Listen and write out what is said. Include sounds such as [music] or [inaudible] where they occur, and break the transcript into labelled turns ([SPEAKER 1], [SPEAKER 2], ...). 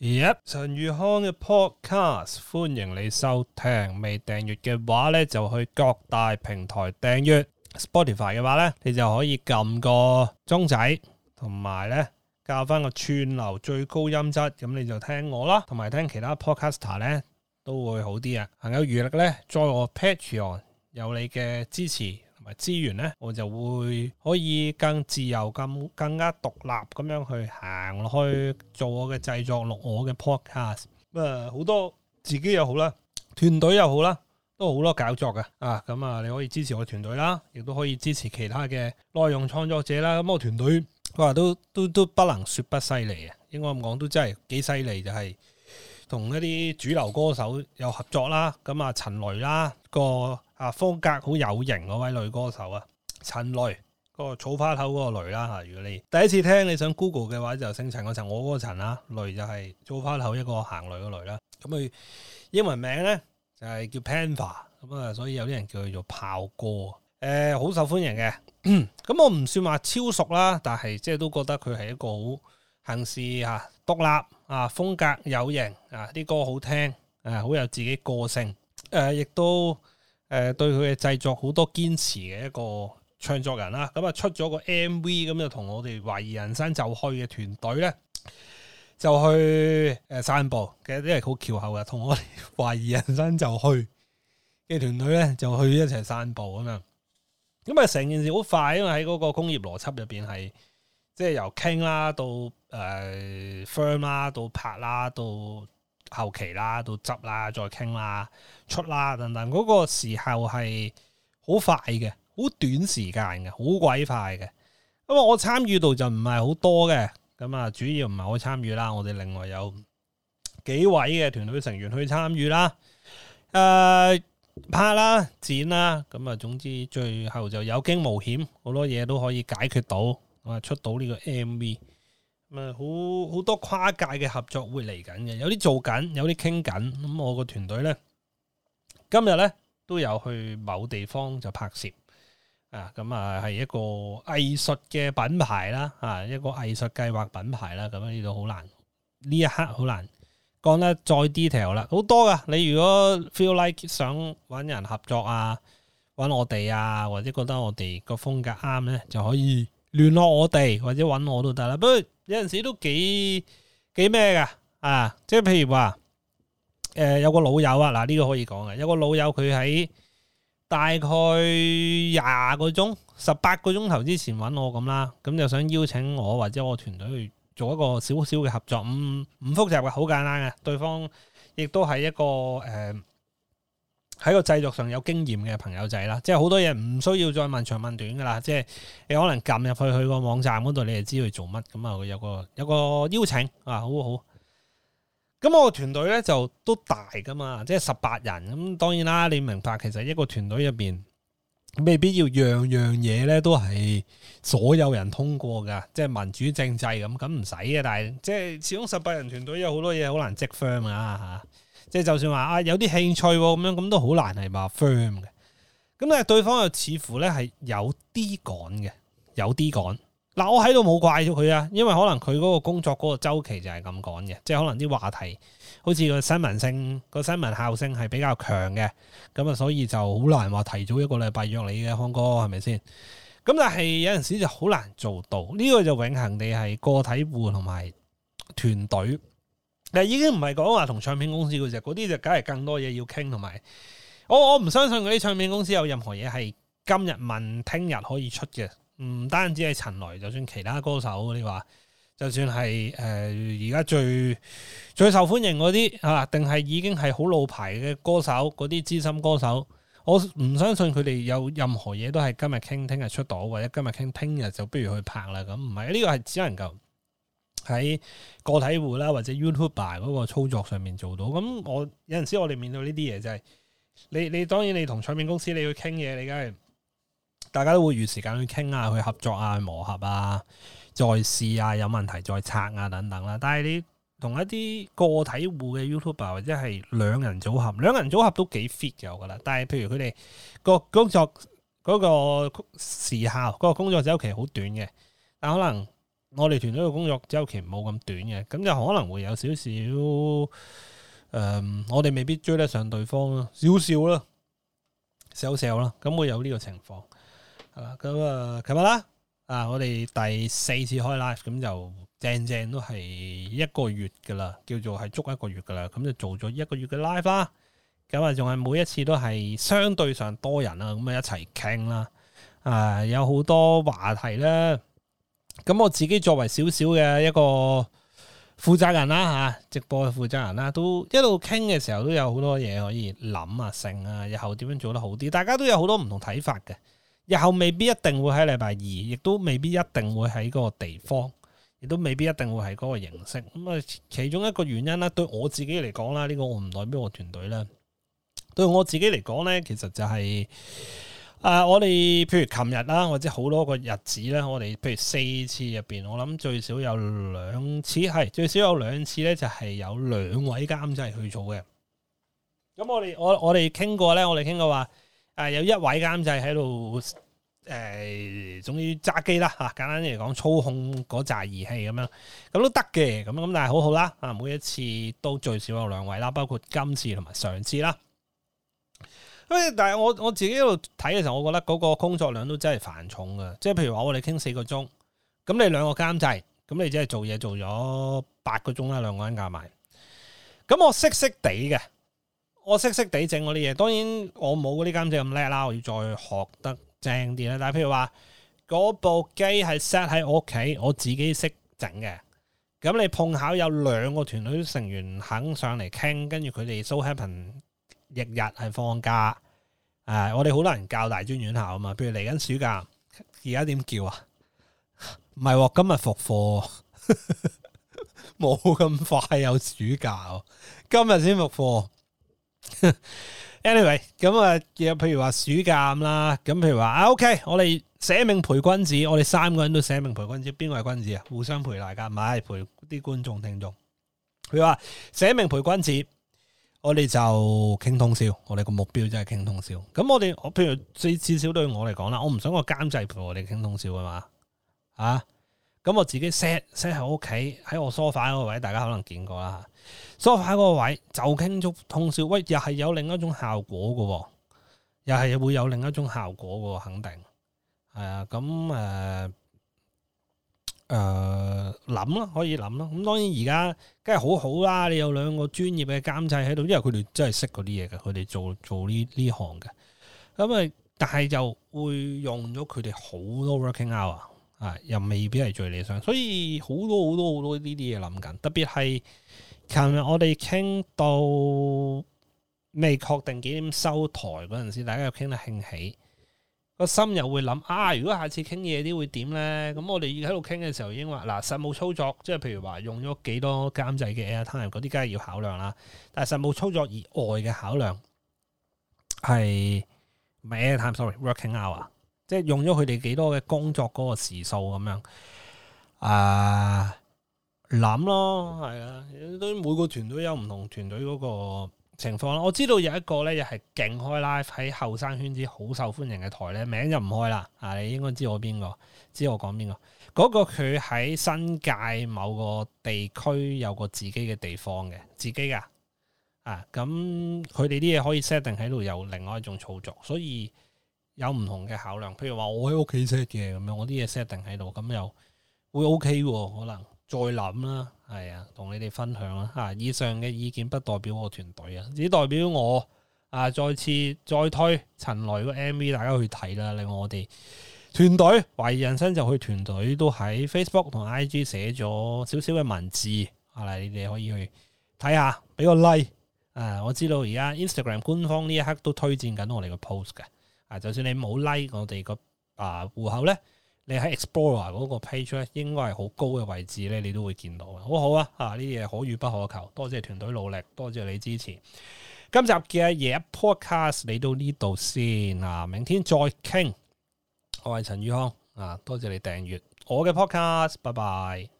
[SPEAKER 1] 耶！陳宇康嘅 podcast，歡迎你收聽。未訂閱嘅話咧，就去各大平台訂閱。Spotify 嘅話咧，你就可以撳個鐘仔，同埋咧校翻個串流最高音質。咁你就聽我啦，同埋聽其他 podcaster 咧都會好啲啊。行有餘力咧，再我 patreon 有你嘅支持。資源咧，我就會可以更自由、更更加獨立咁樣去行落去做我嘅製作、錄我嘅 Podcast。咁啊、呃，好多自己又好啦，團隊又好啦，都好多搞作嘅。啊，咁、嗯、啊、嗯，你可以支持我團隊啦，亦都可以支持其他嘅內容創作者啦。咁、嗯、我團隊話都都都不能説不犀利啊！應該咁講都真係幾犀利，就係、是、同一啲主流歌手有合作啦。咁、嗯、啊，陳、嗯、雷啦個。啊，風格好有型嗰位女歌手啊，陳蕾嗰、那個草花頭嗰個雷啦嚇、啊！如果你第一次聽，你想 Google 嘅話就姓陳嗰個陳，我嗰個陳啦，雷就係草花頭一個行雷嗰雷啦。咁佢英文名咧就係、是、叫 Panther，咁啊，所以有啲人叫佢做炮哥。誒、啊，好受歡迎嘅。咁 [coughs] 我唔算話超熟啦，但係即係都覺得佢係一個好行事嚇、獨立啊、風格有型啊、啲歌好聽啊、好有自己個性誒，亦、啊、都。誒，對佢嘅製作好多堅持嘅一個唱作人啦，咁啊出咗個 MV，咁就同我哋懷疑人生就去嘅團隊咧，就去誒散步。其實都係好橋後嘅，同我懷疑人生就去嘅團隊咧，就去一齊散步啊嘛。咁啊，成件事好快，因為喺嗰個工業邏輯入邊係，即係由傾啦，到誒 firm 啦，到拍啦，到。後期啦，到執啦，再傾啦，出啦等等，嗰個時候係好快嘅，好短時間嘅，好鬼快嘅。因為我參與度就唔係好多嘅，咁啊，主要唔係我參與啦，我哋另外有幾位嘅團隊成員去參與啦。誒、呃、拍啦，剪啦，咁啊，總之最後就有驚無險，好多嘢都可以解決到，咁係出到呢個 MV。咪好好多跨界嘅合作會嚟緊嘅，有啲做緊，有啲傾緊。咁我個團隊咧，今日咧都有去某地方就拍攝啊。咁啊，係一個藝術嘅品牌啦，啊，一個藝術計劃品牌啦。咁樣呢度好難，呢一刻好難講得再 detail 啦。好多噶，你如果 feel like 想搵人合作啊，搵我哋啊，或者覺得我哋個風格啱咧，就可以聯絡我哋，或者搵我都得啦。不。有陣時都幾幾咩㗎啊！即係譬如話，誒有個老友啊，嗱呢個可以講嘅，有個老友佢喺、這個、大概廿個鐘、十八個鐘頭之前搵我咁啦，咁就想邀請我或者我團隊去做一個小小嘅合作，唔唔複雜嘅，好簡單嘅，對方亦都係一個誒。呃喺個製作上有經驗嘅朋友仔啦，即係好多嘢唔需要再問長問短噶啦，即係你可能撳入去佢個網站嗰度，你就知佢做乜咁啊！佢有個有個邀請啊，好，好。咁我個團隊咧就都大噶嘛，即係十八人。咁當然啦，你明白其實一個團隊入邊，未必要樣樣嘢咧都係所有人通過噶，即係民主政制咁，咁唔使嘅。但係即係始終十八人團隊有好多嘢好難 confirm 啊吓。即係就算話啊有啲興趣咁喎、咁樣咁都好難係話 firm 嘅，咁但係對方又似乎咧係有啲趕嘅，有啲趕。嗱我喺度冇怪住佢啊，因為可能佢嗰個工作嗰個周期就係咁趕嘅，即係可能啲話題好似個新聞性、個新聞效性係比較強嘅，咁啊所以就好難話提早一個禮拜約你嘅康哥係咪先？咁但係有陣時就好難做到，呢個就永恆地係個體戶同埋團隊。但已經唔係講話同唱片公司嘅啫，嗰啲就梗係更多嘢要傾，同埋我我唔相信嗰啲唱片公司有任何嘢係今日問，聽日可以出嘅。唔單止係陳雷，就算其他歌手，你話就算係誒而家最最受歡迎嗰啲嚇，定、啊、係已經係好老牌嘅歌手，嗰啲資深歌手，我唔相信佢哋有任何嘢都係今日傾，聽日出到，或者今日傾，聽日就不如去拍啦。咁唔係，呢個係只能夠。喺個體戶啦，或者 YouTuber 嗰個操作上面做到咁，我有陣時我哋面對呢啲嘢就係，你你當然你同唱片公司你要傾嘢，你梗係大家都會預時間去傾啊，去合作啊，去磨合啊，再試啊，有問題再拆啊等等啦。但係你同一啲個體戶嘅 YouTuber 或者係兩人組合，兩人組合都幾 fit 有噶啦。但係譬如佢哋個工作嗰個時效，嗰個工作周期好短嘅，但可能。我哋團隊嘅工作週期冇咁短嘅，咁就可能會有少少，誒、呃，我哋未必追得上對方咯，少少啦，少少啦，咁會有呢個情況。係啦，咁啊，琴日啦，啊，我哋第四次開 live，咁就正正都係一個月噶啦，叫做係足一個月噶啦，咁就做咗一個月嘅 live 啦。咁啊，仲係每一次都係相對上多人啊，咁啊一齊傾啦，啊，有好多話題咧。咁我自己作為少少嘅一個負責人啦、啊、嚇，直播嘅負責人啦、啊，都一路傾嘅時候都有好多嘢可以諗啊、成啊，日後點樣做得好啲？大家都有好多唔同睇法嘅，日後未必一定會喺禮拜二，亦都未必一定會喺嗰個地方，亦都未必一定會喺嗰個形式。咁、嗯、啊，其中一個原因啦、啊，對我自己嚟講啦，呢、這個我唔代表我團隊啦。對我自己嚟講呢，其實就係、是。.啊！我哋譬如琴日啦，或者好多個日子咧，我哋譬如四次入面，我諗最少有兩次係，最少有兩次咧，就係有兩位監製去做嘅。咁我哋我我哋傾過咧，我哋傾過、過話，誒、呃、有一位監製喺度誒總之揸機啦嚇，簡單啲嚟講，操控嗰紮儀器咁樣，咁都得嘅。咁咁但係好好啦，啊每一次都最少有兩位啦，包括今次同埋上次啦。所以，但係我我自己喺度睇嘅時候，我覺得嗰個工作量都真係繁重㗎。即係譬如話，我哋傾四個鐘，咁你兩個監製，咁你只係做嘢做咗八個鐘啦，兩個人夾埋。咁我識識地嘅，我識識地整我啲嘢。當然我冇嗰啲監製咁叻啦，我要再學得正啲啦。但係譬如話，嗰部機係 set 喺我屋企，我自己識整嘅。咁你碰巧有兩個團隊成員肯上嚟傾，跟住佢哋 so happen。日日係放假，誒、啊，我哋好多人教大專院校啊嘛，譬如嚟緊暑假，而家點叫啊？唔係喎，今日復課，冇咁快有暑假、啊，今日先復課。Anyway，咁啊，譬如話暑假咁啦，咁譬如話啊，OK，我哋捨命陪君子，我哋三個人都捨命陪君子，邊個係君子啊？互相陪大家，唔係陪啲觀眾聽眾。佢話捨命陪君子。我哋就傾通宵，我哋個目標就係傾通宵。咁我哋，我譬如，至至少對我嚟講啦，我唔想個監製陪我哋傾通宵啊嘛。啊，咁我自己 set set 喺屋企，喺我，我梳化嗰個位，大家可能見過啦。梳化嗰個位就傾足通宵，喂，又係有另一種效果嘅，又係會有另一種效果嘅，肯定係啊。咁誒。呃誒諗咯，可以諗咯。咁當然而家梗係好好啦。你有兩個專業嘅監製喺度，因為佢哋真係識嗰啲嘢嘅，佢哋做做呢呢行嘅。咁、嗯、啊，但係就會用咗佢哋好多 working hour 啊，又未必係最理想。所以好多好多好多呢啲嘢諗緊，特別係琴日我哋傾到未確定幾點收台嗰陣時，大家傾得興起。個心又會諗啊！如果下次傾嘢啲會點咧？咁我哋喺度傾嘅時候已經話嗱，實務操作即係譬如話用咗幾多監製嘅 airtime 嗰啲梗係要考量啦。但係實務操作以外嘅考量係咩 airtime, sorry working hour 即係用咗佢哋幾多嘅工作嗰個時數咁樣啊，諗咯，係啊，都每個團隊有唔同團隊嗰個。情況啦，我知道有一個咧，又係勁開 live 喺後生圈子好受歡迎嘅台咧，名就唔開啦。啊，你應該知我邊個，知我講邊個。嗰個佢喺新界某個地區有個自己嘅地方嘅，自己噶。啊，咁佢哋啲嘢可以 setting 喺度，有另外一種操作，所以有唔同嘅考量。譬如話，我喺屋企 set 嘅咁樣，我啲嘢 setting 喺度，咁又會 OK 喎，可能。再諗啦，係啊，同你哋分享啦。啊，以上嘅意見不代表我團隊啊，只代表我啊。再次再推陳雷個 MV，大家去睇啦。另我哋團隊懷疑人生就去團隊都喺 Facebook 同 IG 寫咗少少嘅文字，啊，你哋可以去睇下，俾個 like。啊，我知道而家 Instagram 官方呢一刻都推薦緊我哋個 post 嘅。啊，就算你冇 like 我哋個啊戶口咧。你喺 Explorer 嗰個 page 咧，應該係好高嘅位置咧，你都會見到嘅，好好啊！啊，呢啲嘢可遇不可求，多謝團隊努力，多謝你支持。今集嘅夜、yeah、podcast，嚟到呢度先啊，明天再傾。我係陳宇康啊，多謝你訂閱我嘅 podcast，拜拜。